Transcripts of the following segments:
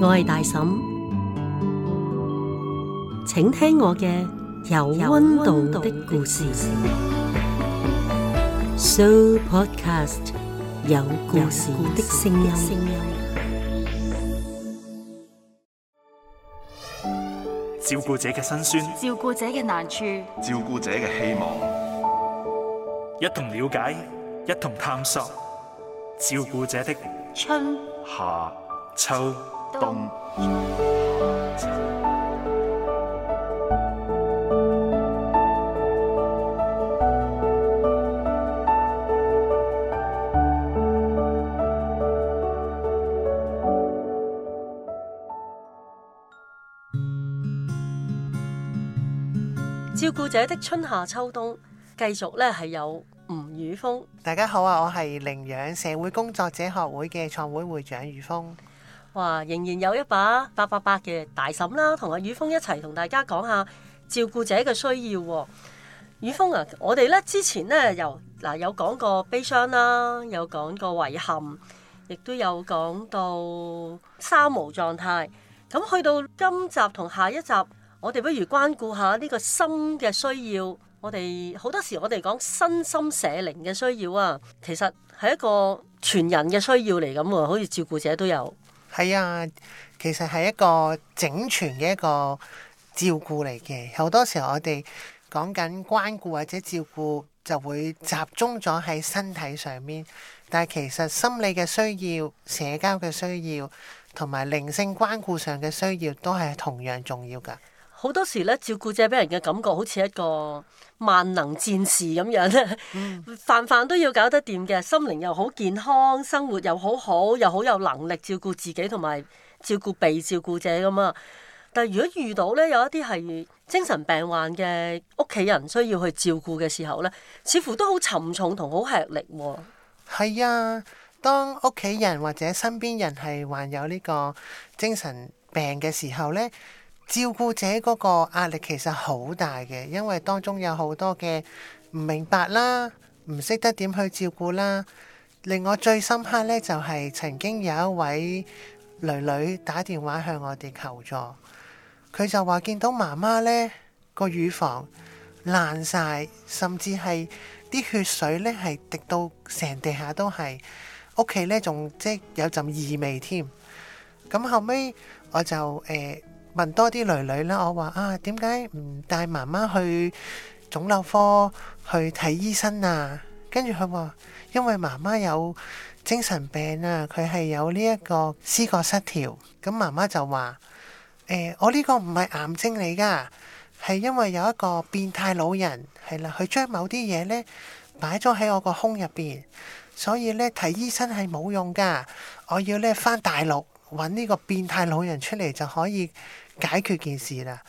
我係大嬸，請聽我嘅有溫度的故事。So Podcast 有故事的聲音。照顧者嘅辛酸，照顧者嘅難處，照顧者嘅希望，一同了解，一同探索，照顧者的春、夏、秋。嗯、照顧者的春夏秋冬，繼續咧係有吳宇峰。大家好啊，我係領養社會工作者學會嘅創會會長宇峰。哇！仍然有一把八八八嘅大嬸啦，同阿宇峰一齊同大家講下照顧者嘅需要。宇峰啊，我哋咧之前咧，由嗱有講過悲傷啦，有講過遺憾，亦都有講到三無狀態。咁去到今集同下一集，我哋不如關顧下呢個心嘅需要。我哋好多時我哋講身心社靈嘅需要啊，其實係一個全人嘅需要嚟，咁啊，好似照顧者都有。係啊，其實係一個整全嘅一個照顧嚟嘅。好多時候我哋講緊關顧或者照顧，就會集中咗喺身體上面。但係其實心理嘅需要、社交嘅需要、同埋靈性關顧上嘅需要，都係同樣重要㗎。好多時咧，照顧者俾人嘅感覺好似一個萬能戰士咁樣， 飯飯都要搞得掂嘅，心靈又好健康，生活又好好，又好有能力照顧自己同埋照顧被照顧者咁啊！但係如果遇到咧有一啲係精神病患嘅屋企人需要去照顧嘅時候咧，似乎都好沉重同好吃力喎。係啊，當屋企人或者身邊人係患有呢個精神病嘅時候咧。照顧者嗰個壓力其實好大嘅，因為當中有好多嘅唔明白啦，唔識得點去照顧啦。令我最深刻呢，就係、是、曾經有一位女女打電話向我哋求助，佢就話見到媽媽呢個乳房爛晒，甚至係啲血水呢係滴到成地下都係，屋企呢，仲即有陣異味添。咁後尾我就誒。呃問多啲女女啦，我話啊，點解唔帶媽媽去腫瘤科去睇醫生啊？跟住佢話，因為媽媽有精神病啊，佢係有呢一個思覺失調。咁媽媽就話：誒、欸，我呢個唔係癌症嚟噶，係因為有一個變態老人係啦，佢將某啲嘢呢擺咗喺我個胸入邊，所以呢，睇醫生係冇用噶。我要呢返大陸揾呢個變態老人出嚟就可以。解決件事啦，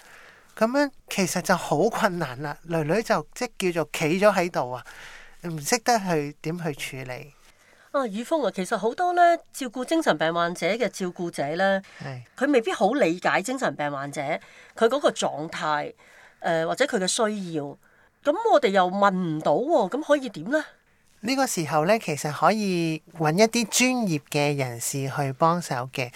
咁樣其實就好困難啦。女女就即叫做企咗喺度啊，唔識得去點去處理。啊，雨峰啊，其實好多咧照顧精神病患者嘅照顧者咧，佢是未必好理解精神病患者佢嗰個狀態，呃、或者佢嘅需要。咁我哋又問唔到喎，咁可以點呢？呢個時候咧，其實可以揾一啲專業嘅人士去幫手嘅。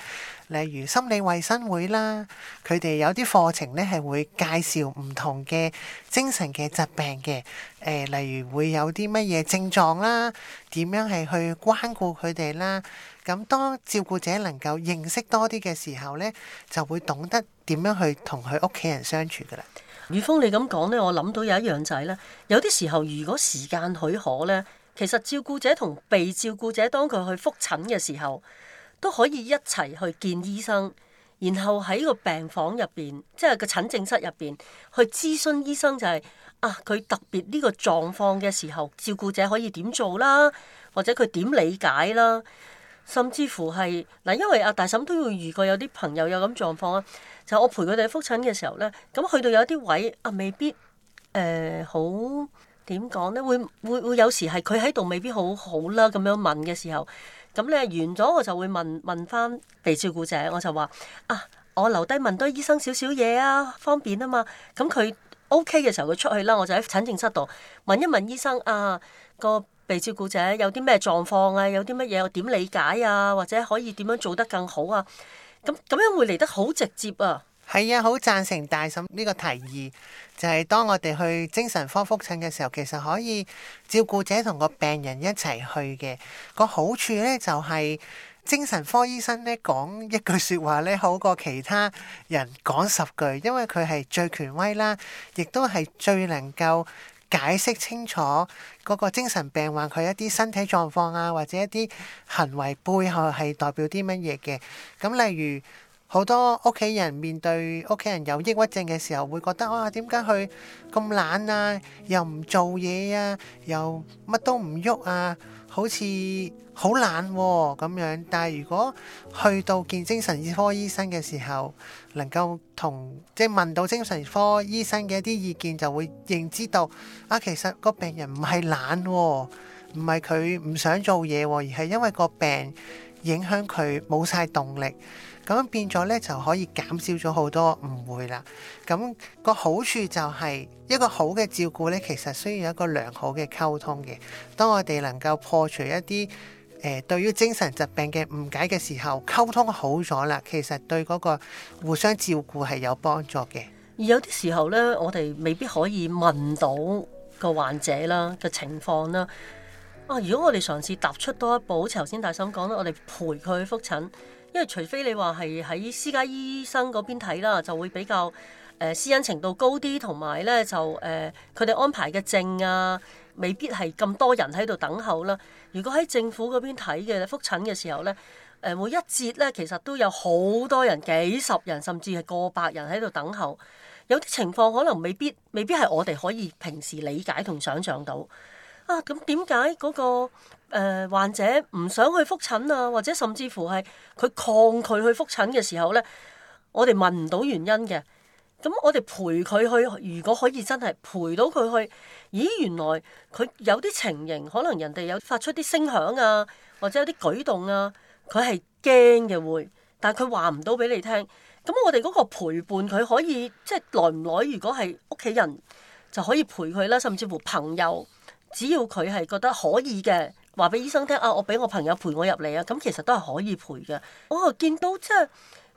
例如心理衛生會啦，佢哋有啲課程咧係會介紹唔同嘅精神嘅疾病嘅。誒、呃，例如會有啲乜嘢症狀啦，點樣係去關顧佢哋啦，咁當照顧者能夠認識多啲嘅時候咧，就會懂得點樣去同佢屋企人相處噶啦。宇峰，你咁講咧，我諗到有一樣就係咧，有啲時候如果時間許可咧，其實照顧者同被照顧者當佢去復診嘅時候。都可以一齊去見醫生，然後喺個病房入邊，即係個診症室入邊，去諮詢醫生就係、是、啊，佢特別呢個狀況嘅時候，照顧者可以點做啦，或者佢點理解啦，甚至乎係嗱、啊，因為阿大嬸都會遇過有啲朋友有咁狀況啊，就我陪佢哋復診嘅時候咧，咁去到有啲位啊，未必誒、呃、好點講咧，會會會有時係佢喺度未必好好啦，咁樣問嘅時候。咁咧完咗，我就會問問翻被照顧者，我就話：啊，我留低問多醫生少少嘢啊，方便啊嘛。咁佢 OK 嘅時候，佢出去啦，我就喺診症室度問一問醫生啊，個被照顧者有啲咩狀況啊，有啲乜嘢，我點理解啊，或者可以點樣做得更好啊。咁咁樣會嚟得好直接啊。係啊，好贊成大嬸呢個提議，就係當我哋去精神科復診嘅時候，其實可以照顧者同個病人一齊去嘅。個好處咧就係精神科醫生咧講一句說話咧，好過其他人講十句，因為佢係最權威啦，亦都係最能夠解釋清楚嗰個精神病患佢一啲身體狀況啊，或者一啲行為背後係代表啲乜嘢嘅。咁例如。好多屋企人面對屋企人有抑鬱症嘅時候，會覺得哇，點解佢咁懶啊？又唔做嘢啊？又乜都唔喐啊？好似好懶咁樣。但係如果去到見精神科醫生嘅時候，能夠同即係問到精神科醫生嘅一啲意見，就會認知到啊，其實個病人唔係懶，唔係佢唔想做嘢啊，而係因為個病影響佢冇晒動力。咁樣變咗咧，就可以減少咗好多誤會啦。咁個好處就係一個好嘅照顧咧，其實需要一個良好嘅溝通嘅。當我哋能夠破除一啲誒對於精神疾病嘅誤解嘅時候，溝通好咗啦，其實對嗰個互相照顧係有幫助嘅。而有啲時候咧，我哋未必可以問到個患者啦嘅情況啦。啊，如果我哋嘗試踏出多一步，好似頭先大嬸講啦，我哋陪佢去覆診。因為除非你話係喺私家醫生嗰邊睇啦，就會比較誒、呃、私隱程度高啲，同埋咧就誒佢哋安排嘅證啊，未必係咁多人喺度等候啦。如果喺政府嗰邊睇嘅復診嘅時候咧，誒、呃、每一節咧其實都有好多人，幾十人甚至係過百人喺度等候。有啲情況可能未必未必係我哋可以平時理解同想像到啊。咁點解嗰個誒、呃、患者唔想去覆診啊，或者甚至乎係佢抗拒去覆診嘅時候咧，我哋問唔到原因嘅。咁我哋陪佢去，如果可以真係陪到佢去，咦原來佢有啲情形，可能人哋有發出啲聲響啊，或者有啲舉動啊，佢係驚嘅會，但係佢話唔到俾你聽。咁我哋嗰個陪伴佢可以，即係耐唔耐？如果係屋企人就可以陪佢啦，甚至乎朋友，只要佢係覺得可以嘅。話俾醫生聽啊，我俾我朋友陪我入嚟啊，咁其實都係可以陪嘅。我見到即係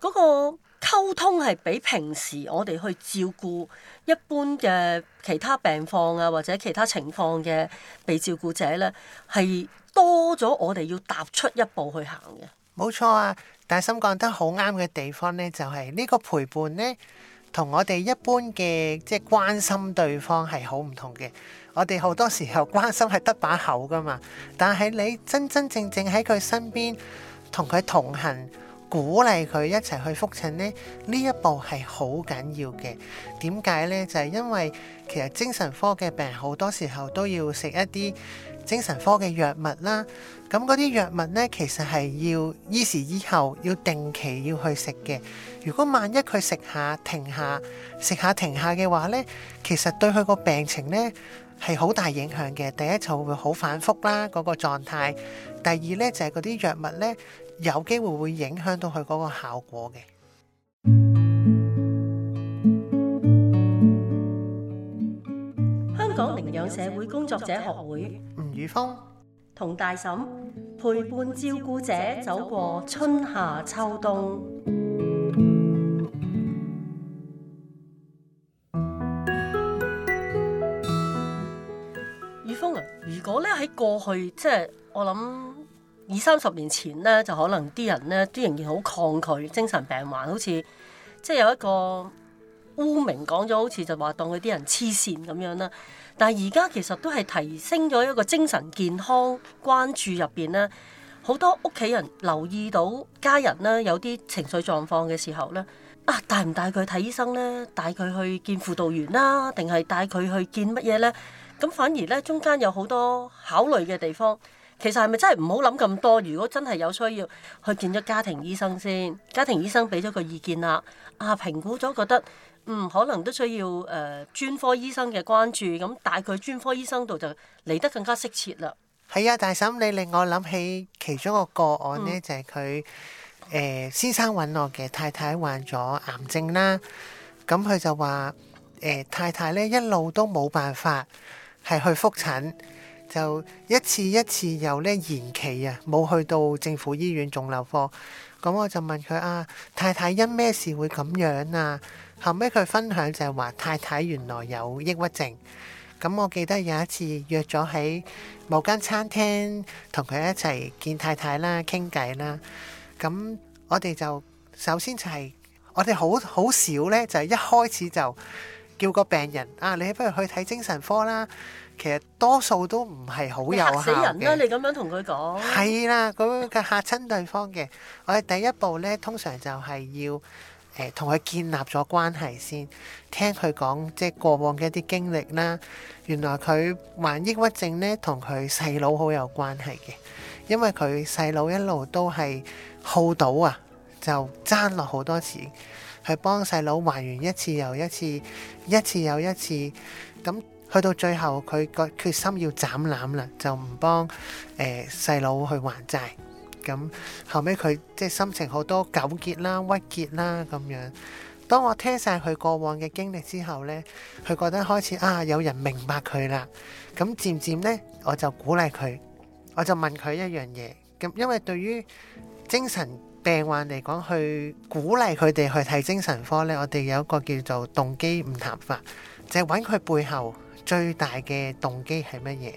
嗰個溝通係比平時我哋去照顧一般嘅其他病況啊，或者其他情況嘅被照顧者咧，係多咗我哋要踏出一步去行嘅。冇錯啊，大心講得好啱嘅地方咧，就係呢個陪伴咧。同我哋一般嘅即係關心對方係好唔同嘅，我哋好多時候關心係得把口噶嘛，但係你真真正正喺佢身邊同佢同行，鼓勵佢一齊去復診呢，呢一步係好緊要嘅。點解呢？就係因為其實精神科嘅病好多時候都要食一啲。精神科嘅藥物啦，咁嗰啲藥物呢，其實係要依時依候要定期要去食嘅。如果萬一佢食下停下，食下停下嘅話呢，其實對佢個病情呢係好大影響嘅。第一就會好反復啦，嗰個狀態；第二呢，就係嗰啲藥物呢，有機會會影響到佢嗰個效果嘅。香港營養社會工作者學會。雨峰同大嬸陪伴照顧者走過春夏秋冬。雨峰啊，如果咧喺過去，即係我諗二三十年前咧，就可能啲人咧都仍然好抗拒精神病患，好似即係有一個。污名講咗，好似就話當佢啲人黐線咁樣啦。但係而家其實都係提升咗一個精神健康關注入面啦。好多屋企人留意到家人啦，有啲情緒狀況嘅時候咧，啊帶唔帶佢去睇醫生咧？帶佢去見輔導員啦，定係帶佢去見乜嘢咧？咁反而咧中間有好多考慮嘅地方。其實係咪真係唔好諗咁多？如果真係有需要去見咗家庭醫生先，家庭醫生俾咗個意見啦，啊評估咗覺得。嗯，可能都需要誒、呃、專科醫生嘅關注，咁帶佢專科醫生度就嚟得更加適切啦。係啊，大嬸，你令我諗起其中一個個案呢，嗯、就係佢誒先生揾我嘅太太患咗癌症啦。咁佢就話誒、呃、太太呢，一路都冇辦法係去覆診，就一次一次又呢延期啊，冇去到政府醫院腫瘤科。咁我就問佢啊，太太因咩事會咁樣啊？後尾佢分享就係話太太原來有抑鬱症，咁我記得有一次約咗喺某間餐廳同佢一齊見太太啦，傾偈啦，咁我哋就首先就係，我哋好好少呢，就係一開始就叫個病人啊，你不如去睇精神科啦。其實多數都唔係好有效嘅。嚇死人啦！你咁樣同佢講，係啦，佢佢嚇親對方嘅。我哋第一步呢，通常就係要，同佢建立咗關係先，聽佢講，即係過往嘅一啲經歷啦。原來佢患抑鬱症呢，同佢細佬好有關係嘅，因為佢細佬一路都係好賭啊，就爭落好多錢，去幫細佬還完一次又一次，一次又一次。咁去到最後，佢個決心要斬纜啦，就唔幫誒細佬去還債。咁後尾，佢即係心情好多糾結啦、鬱結啦咁樣。當我聽晒佢過往嘅經歷之後呢，佢覺得開始啊有人明白佢啦。咁漸漸呢，我就鼓勵佢，我就問佢一樣嘢。咁因為對於精神病患嚟講，去鼓勵佢哋去睇精神科呢，我哋有一個叫做動機晤談法，就係揾佢背後最大嘅動機係乜嘢。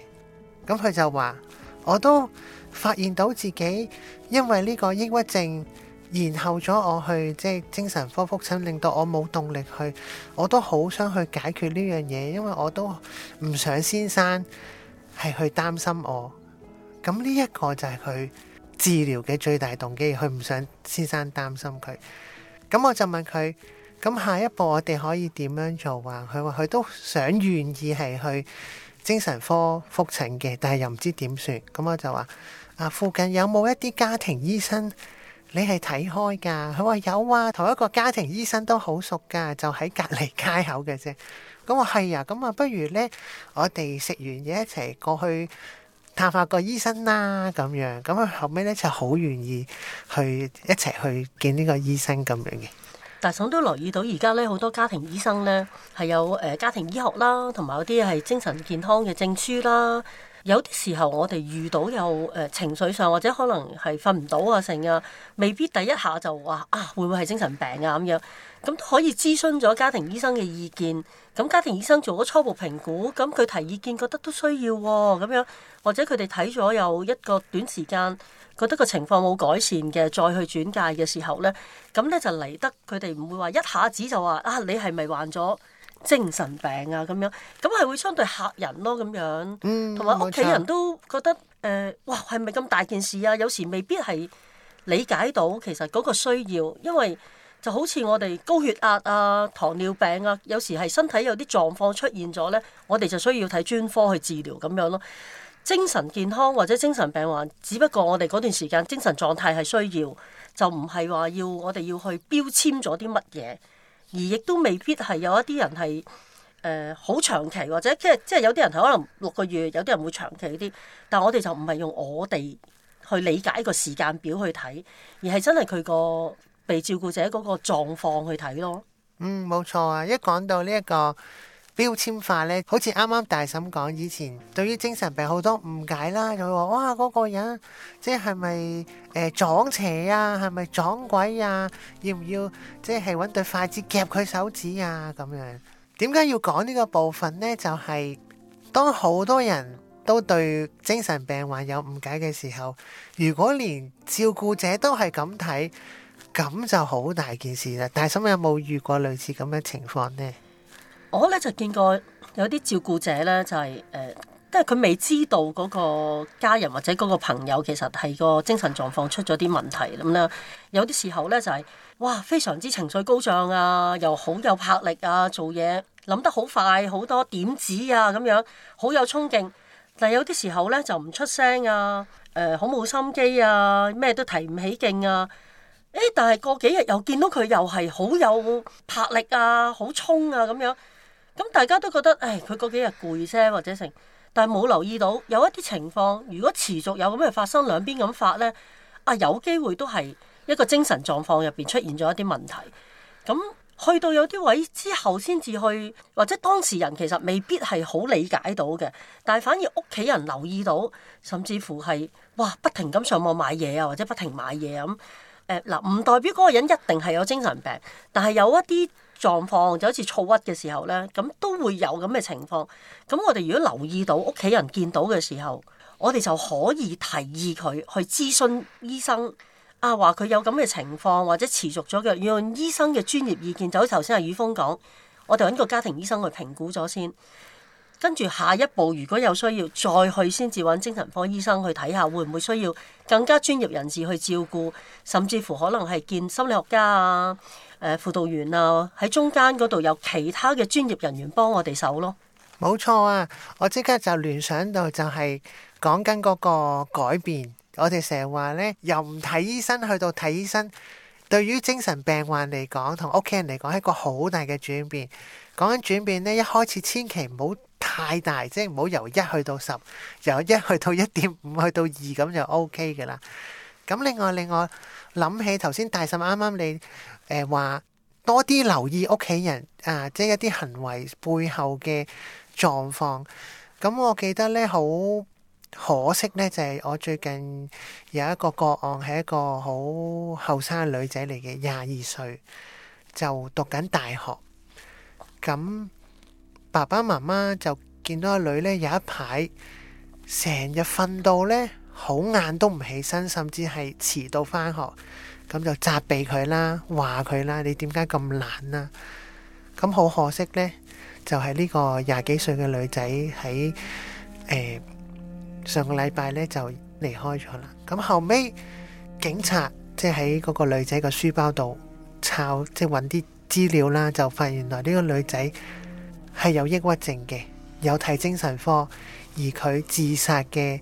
咁佢就話。我都發現到自己因為呢個抑鬱症延後咗我去即係、就是、精神科復診，令到我冇動力去。我都好想去解決呢樣嘢，因為我都唔想先生係去擔心我。咁呢一個就係佢治療嘅最大動機，佢唔想先生擔心佢。咁我就問佢：咁下一步我哋可以點樣做啊？佢話佢都想願意係去精神科復診嘅，但係又唔知點算咁，我就話啊，附近有冇一啲家庭醫生你？你係睇開噶？佢話有啊，同一個家庭醫生都好熟噶，就喺隔籬街口嘅啫。咁、嗯、我係啊，咁啊，不如咧，我哋食完嘢一齊過去探下個醫生啦。咁樣咁啊，後尾咧就好願意去一齊去見呢個醫生咁樣嘅。但係我都留意到呢，而家咧好多家庭醫生咧係有誒、呃、家庭醫學啦，同埋嗰啲係精神健康嘅證書啦。有啲時候我哋遇到有誒、呃、情緒上，或者可能係瞓唔到啊、成啊，未必第一下就話啊會唔會係精神病啊咁樣。咁都可以諮詢咗家庭醫生嘅意見。咁家庭醫生做咗初步評估，咁佢提意見覺得都需要喎、啊，咁樣或者佢哋睇咗有一個短時間。覺得個情況冇改善嘅，再去轉介嘅時候咧，咁咧就嚟得佢哋唔會話一下子就話啊，你係咪患咗精神病啊咁樣？咁係會相對嚇人咯咁樣，同埋屋企人都覺得誒、呃，哇，係咪咁大件事啊？有時未必係理解到其實嗰個需要，因為就好似我哋高血壓啊、糖尿病啊，有時係身體有啲狀況出現咗咧，我哋就需要睇專科去治療咁樣咯。精神健康或者精神病患，只不過我哋嗰段時間精神狀態係需要，就唔係話要我哋要去標籤咗啲乜嘢，而亦都未必係有一啲人係誒好長期或者即係即係有啲人係可能六個月，有啲人會長期啲，但係我哋就唔係用我哋去理解個時間表去睇，而係真係佢個被照顧者嗰個狀況去睇咯。嗯，冇錯啊！一講到呢一個。標籤化咧，好似啱啱大嬸講，以前對於精神病好多誤解啦，又話哇、嗰、那個人即係咪誒撞邪啊，係咪撞鬼啊？要唔要即係揾對筷子夾佢手指啊？咁樣點解要講呢個部分呢？就係、是、當好多人都對精神病患有誤解嘅時候，如果連照顧者都係咁睇，咁就好大件事啦。大嬸有冇遇過類似咁嘅情況呢？我咧就見過有啲照顧者咧，就係、是、誒，即係佢未知道嗰個家人或者嗰個朋友其實係個精神狀況出咗啲問題咁啦。有啲時候咧就係、是、哇，非常之情緒高漲啊，又好有魄力啊，做嘢諗得好快好多點子啊，咁樣好有衝勁。但係有啲時候咧就唔出聲啊，誒好冇心機啊，咩都提唔起勁啊。誒、欸，但係過幾日又見到佢又係好有魄力啊，好衝啊咁樣。咁大家都覺得，誒，佢嗰幾日攰啫，或者成，但係冇留意到有一啲情況，如果持續有咁嘅發生，兩邊咁發咧，啊，有機會都係一個精神狀況入邊出現咗一啲問題。咁、嗯、去到有啲位之後先至去，或者當事人其實未必係好理解到嘅，但係反而屋企人留意到，甚至乎係哇，不停咁上網買嘢啊，或者不停買嘢啊咁。誒、嗯，嗱、呃，唔代表嗰個人一定係有精神病，但係有一啲。狀況就好似躁鬱嘅時候呢，咁都會有咁嘅情況。咁我哋如果留意到屋企人見到嘅時候，我哋就可以提議佢去諮詢醫生。啊，話佢有咁嘅情況或者持續咗嘅，要用醫生嘅專業意見，就好似頭先阿宇峰講，我哋揾個家庭醫生去評估咗先。跟住下一步，如果有需要，再去先至揾精神科醫生去睇下，會唔會需要更加專業人士去照顧，甚至乎可能係見心理學家啊、誒、呃、輔導員啊，喺中間嗰度有其他嘅專業人員幫我哋手咯。冇錯啊！我即刻就聯想到就係講緊嗰個改變，我哋成日話咧，由唔睇醫生去到睇醫生，對於精神病患嚟講同屋企人嚟講，係一個好大嘅轉變。講緊轉變咧，一開始千祈唔好。太大，即係唔好由一去到十，由一去到一點五去到二咁就 OK 嘅啦。咁另外，另外，諗起頭先大嬸啱啱你誒話多啲留意屋企人啊，即係一啲行為背後嘅狀況。咁、嗯、我記得咧，好可惜咧，就係、是、我最近有一個個案係一個好後生女仔嚟嘅，廿二歲就讀緊大學。咁、嗯爸爸媽媽就見到個女呢，有一排成日瞓到呢，好晏都唔起身，甚至係遲到返學，咁就責備佢啦，話佢啦，你點解咁懶啊？咁好可惜呢，就係、是、呢個廿幾歲嘅女仔喺、呃、上個禮拜呢就離開咗啦。咁後尾警察即係喺嗰個女仔嘅書包度抄，即係揾啲資料啦，就發現原來呢個女仔。係有抑鬱症嘅，有睇精神科，而佢自殺嘅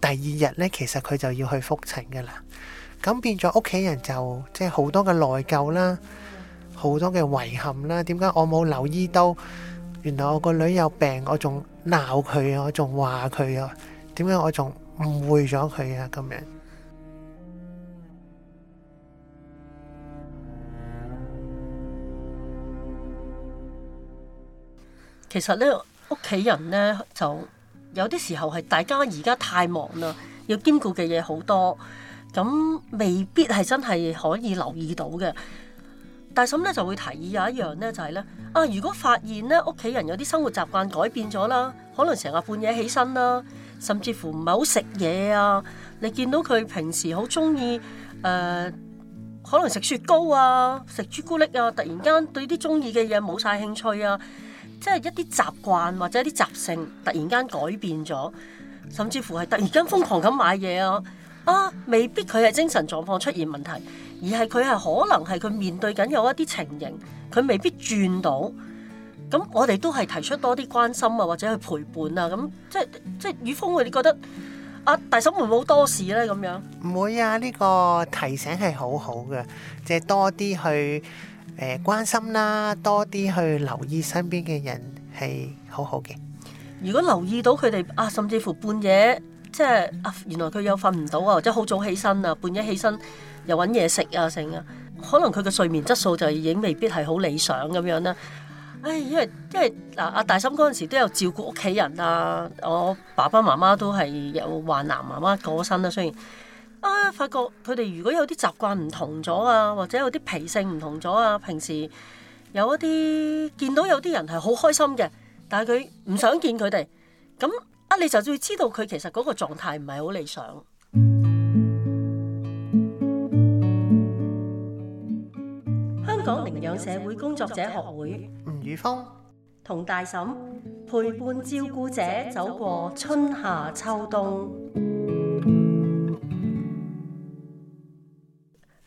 第二日咧，其實佢就要去覆診㗎喇。咁變咗屋企人就即係好多嘅內疚啦，好多嘅遺憾啦。點解我冇留意到原來我個女有病，我仲鬧佢啊，我仲話佢啊，點解我仲誤會咗佢啊咁樣？其實咧，屋企人咧就有啲時候係大家而家太忙啦，要兼顧嘅嘢好多，咁未必係真係可以留意到嘅。大嬸咧就會提議有一樣咧就係咧啊，如果發現咧屋企人有啲生活習慣改變咗啦，可能成日半夜起身啦，甚至乎唔係好食嘢啊，你見到佢平時好中意誒，可能食雪糕啊、食朱古力啊，突然間對啲中意嘅嘢冇晒興趣啊。即係一啲習慣或者一啲習性突然間改變咗，甚至乎係突然間瘋狂咁買嘢啊啊，未必佢係精神狀況出現問題，而係佢係可能係佢面對緊有一啲情形，佢未必轉到。咁我哋都係提出多啲關心啊，或者去陪伴啊。咁、嗯、即即雨峰你覺得阿、啊、大嫂會唔會好多事咧咁樣？唔會啊！呢、這個提醒係好好嘅，即、就、係、是、多啲去。誒關心啦，多啲去留意身邊嘅人係好好嘅。如果留意到佢哋啊，甚至乎半夜即係啊，原來佢又瞓唔到啊，或者好早起身啊，半夜起身又揾嘢食啊成啊，可能佢嘅睡眠質素就已經未必係好理想咁樣啦。唉、哎，因為因為嗱，阿、啊、大心嗰陣時都有照顧屋企人啊，我爸爸媽媽都係有患癌媽媽過身啦，雖然。啊！發覺佢哋如果有啲習慣唔同咗啊，或者有啲脾性唔同咗啊，平時有一啲見到有啲人係好開心嘅，但係佢唔想見佢哋，咁啊，你就會知道佢其實嗰個狀態唔係好理想。香港營養社會工作者學會，會學會吳宇峰同大嬸陪伴照顧者走過春夏秋冬。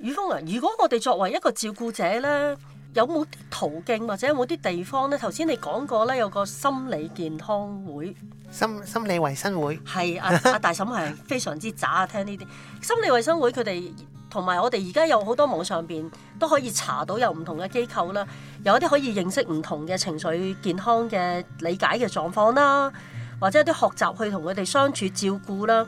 雨風啊，如果我哋作為一個照顧者呢，有冇啲途徑或者有冇啲地方呢？頭先你講過呢，有個心理健康會，心心理衞生會係阿、 啊啊、大嬸係非常之渣啊！聽呢啲心理衞生會佢哋同埋我哋而家有好多網上邊都可以查到有唔同嘅機構啦，有一啲可以認識唔同嘅情緒健康嘅理解嘅狀況啦，或者有啲學習去同佢哋相處照顧啦。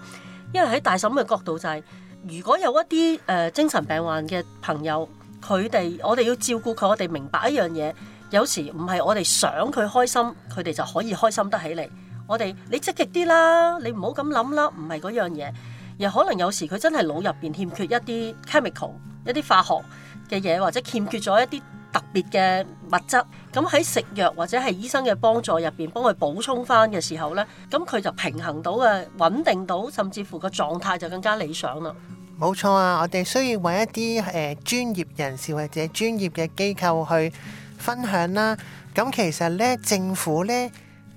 因為喺大嬸嘅角度就係、是。如果有一啲誒、呃、精神病患嘅朋友，佢哋我哋要照顧佢，我哋明白一樣嘢，有時唔係我哋想佢開心，佢哋就可以開心得起嚟。我哋，你積極啲啦，你唔好咁諗啦，唔係嗰樣嘢。又可能有時佢真係腦入邊欠缺一啲 chemical，一啲化學嘅嘢，或者欠缺咗一啲。特別嘅物質，咁喺食藥或者係醫生嘅幫助入邊，幫佢補充返嘅時候呢，咁佢就平衡到嘅穩定到，甚至乎個狀態就更加理想啦。冇錯啊，我哋需要揾一啲誒、呃、專業人士或者專業嘅機構去分享啦。咁其實呢，政府呢、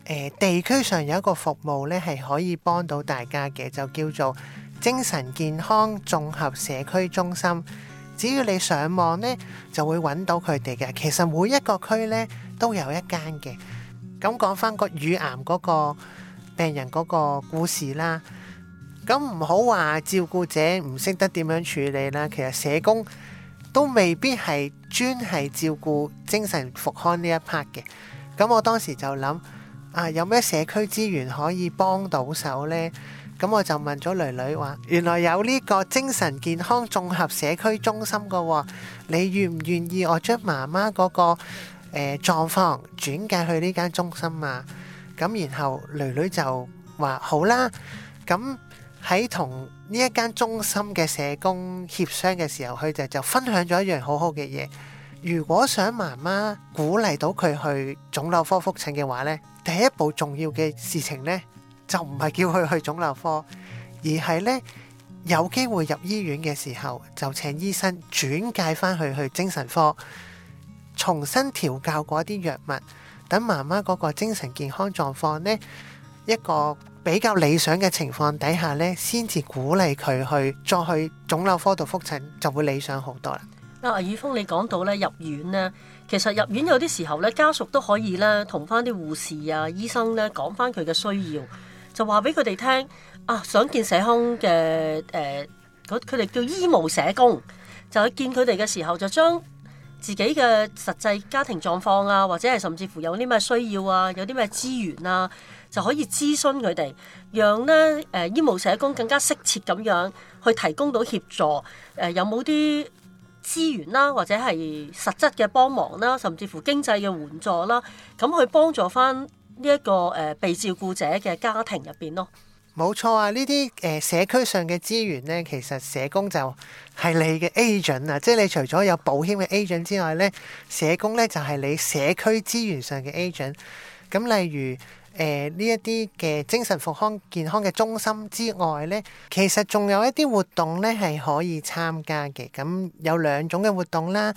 呃、地區上有一個服務呢係可以幫到大家嘅，就叫做精神健康綜合社區中心。只要你上網呢，就會揾到佢哋嘅。其實每一個區呢，都有一間嘅。咁講返個乳癌嗰個病人嗰個故事啦。咁唔好話照顧者唔識得點樣處理啦。其實社工都未必係專係照顧精神復康呢一 part 嘅。咁我當時就諗啊，有咩社區資源可以幫到手呢？」咁我就問咗囡囡話：原來有呢個精神健康綜合社區中心㗎喎，你願唔願意我將媽媽嗰個誒狀況轉介去呢間中心啊？咁然後囡囡就話好啦。咁喺同呢一間中心嘅社工協商嘅時候，佢哋就分享咗一樣好好嘅嘢：如果想媽媽鼓勵到佢去腫瘤科復診嘅話呢，第一步重要嘅事情呢。就唔係叫佢去腫瘤科，而係呢，有機會入醫院嘅時候，就請醫生轉介返去去精神科，重新調教過啲藥物，等媽媽嗰個精神健康狀況呢，一個比較理想嘅情況底下呢，先至鼓勵佢去再去腫瘤科度復診，就會理想好多啦。阿宇峰，你講到呢入院呢，其實入院有啲時候呢，家屬都可以呢，同翻啲護士啊、醫生呢講翻佢嘅需要。就話俾佢哋聽，啊，想見社工嘅誒，佢、呃、佢哋叫醫務社工，就去見佢哋嘅時候，就將自己嘅實際家庭狀況啊，或者係甚至乎有啲咩需要啊，有啲咩資源啊，就可以諮詢佢哋，讓呢誒、呃、醫務社工更加適切咁樣去提供到協助。誒、呃、有冇啲資源啦、啊，或者係實質嘅幫忙啦、啊，甚至乎經濟嘅援助啦、啊，咁去幫助返。呢一個誒被照顧者嘅家庭入邊咯，冇錯啊！呢啲誒社區上嘅資源咧，其實社工就係你嘅 agent 啊，即係你除咗有保險嘅 agent 之外咧，社工咧就係你社區資源上嘅 agent。咁例如誒呢一啲嘅精神復康健康嘅中心之外咧，其實仲有一啲活動咧係可以參加嘅。咁有兩種嘅活動啦，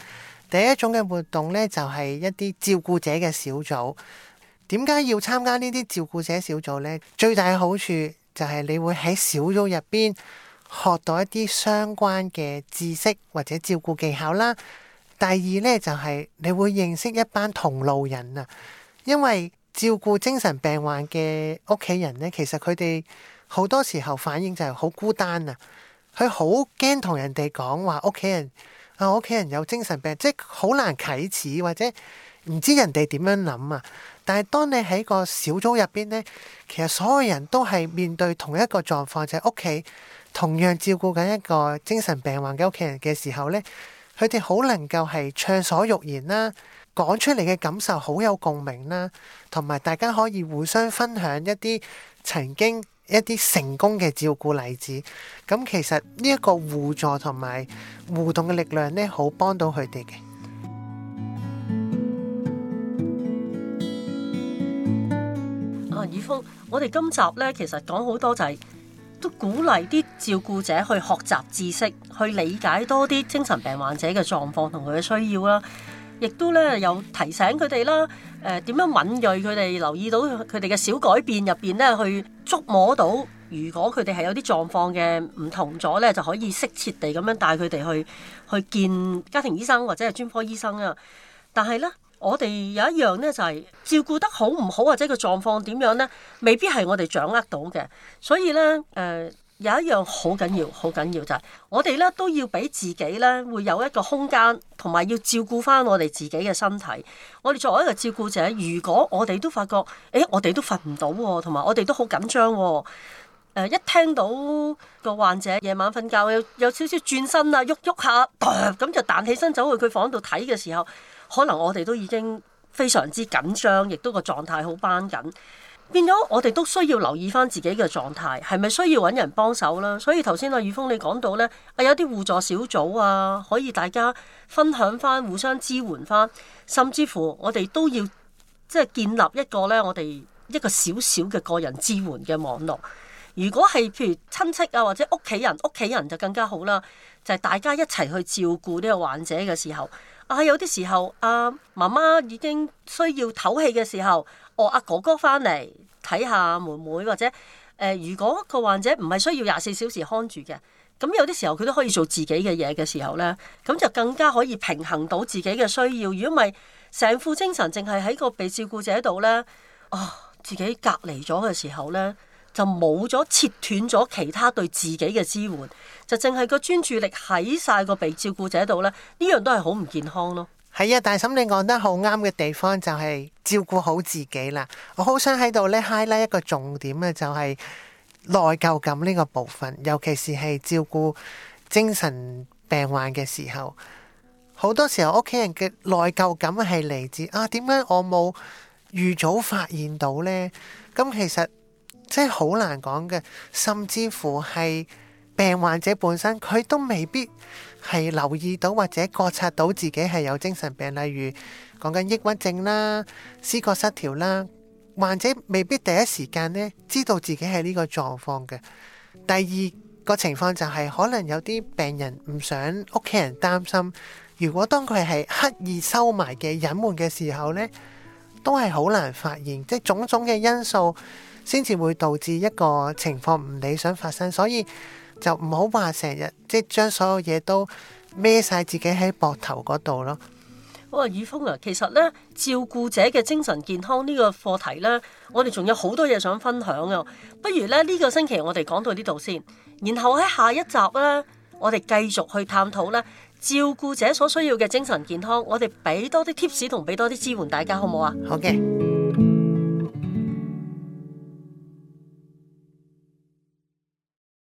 第一種嘅活動咧就係一啲照顧者嘅小組。點解要參加呢啲照顧者小組呢？最大嘅好處就係你會喺小組入邊學到一啲相關嘅知識或者照顧技巧啦。第二呢，就係你會認識一班同路人啊。因為照顧精神病患嘅屋企人呢，其實佢哋好多時候反應就係好孤單啊。佢好驚同人哋講話屋企人啊，我屋企人有精神病，即係好難啟齒或者。唔知人哋點樣諗啊！但係當你喺個小組入邊呢，其實所有人都係面對同一個狀況，就係屋企同樣照顧緊一個精神病患嘅屋企人嘅時候呢，佢哋好能夠係暢所欲言啦，講出嚟嘅感受好有共鳴啦，同埋大家可以互相分享一啲曾經一啲成功嘅照顧例子。咁其實呢一個互助同埋互動嘅力量呢，好幫到佢哋嘅。雨我哋今集咧，其實講好多就係、是、都鼓勵啲照顧者去學習知識，去理解多啲精神病患者嘅狀況同佢嘅需要啦，亦都咧有提醒佢哋啦，誒、呃、點樣敏鋭佢哋留意到佢哋嘅小改變入邊咧，去觸摸到如果佢哋係有啲狀況嘅唔同咗咧，就可以適切地咁樣帶佢哋去去見家庭醫生或者係專科醫生啊。但係咧。我哋有一樣咧，就係、是、照顧得好唔好，或者個狀況點樣咧，未必係我哋掌握到嘅。所以咧，誒、呃、有一樣好緊要、好緊要就係、是、我哋咧都要俾自己咧會有一個空間，同埋要照顧翻我哋自己嘅身體。我哋作為一個照顧者，如果我哋都發覺，誒我哋都瞓唔到，同埋我哋都好緊張。誒、呃、一聽到個患者夜晚瞓覺有有少少轉身啊，喐喐下咁、呃、就彈起身走去佢房度睇嘅時候。可能我哋都已經非常之緊張，亦都個狀態好繃緊，變咗我哋都需要留意翻自己嘅狀態，係咪需要揾人幫手啦？所以頭先阿宇峰你講到呢，啊有啲互助小組啊，可以大家分享翻，互相支援翻，甚至乎我哋都要即係、就是、建立一個呢，我哋一個小小嘅個人支援嘅網絡。如果係譬如親戚啊，或者屋企人，屋企人就更加好啦，就係、是、大家一齊去照顧呢個患者嘅時候。啊，有啲時候啊，媽媽已經需要唞氣嘅時候，我、啊、阿哥哥翻嚟睇下妹妹，或者誒、呃，如果個患者唔係需要廿四小時看住嘅，咁有啲時候佢都可以做自己嘅嘢嘅時候咧，咁就更加可以平衡到自己嘅需要。如果唔係，成副精神淨係喺個被照顧者度咧，啊，自己隔離咗嘅時候咧。就冇咗，切斷咗其他對自己嘅支援，就淨係個專注力喺晒個被照顧者度咧。呢樣都係好唔健康咯。係啊，大嬸，你講得好啱嘅地方就係照顧好自己啦。我好想喺度呢 highlight 一個重點啊，就係內疚感呢個部分，尤其是係照顧精神病患嘅時候，好多時候屋企人嘅內疚感係嚟自啊，點解我冇預早發現到呢？咁其實。即係好難講嘅，甚至乎係病患者本身佢都未必係留意到或者覺察到自己係有精神病，例如講緊抑鬱症啦、思覺失調啦。患者未必第一時間咧知道自己係呢個狀況嘅。第二個情況就係、是、可能有啲病人唔想屋企人擔心。如果當佢係刻意收埋嘅隱瞞嘅時候咧，都係好難發現。即係種種嘅因素。先至會導致一個情況唔理想發生，所以就唔好話成日即係將所有嘢都孭晒自己喺膊頭嗰度咯。好，宇峰啊，其實呢照顧者嘅精神健康呢個課題呢，我哋仲有好多嘢想分享啊！不如咧呢個星期我哋講到呢度先，然後喺下一集呢，我哋繼續去探討呢照顧者所需要嘅精神健康，我哋俾多啲 tips 同俾多啲支援大家，好唔好啊？好嘅。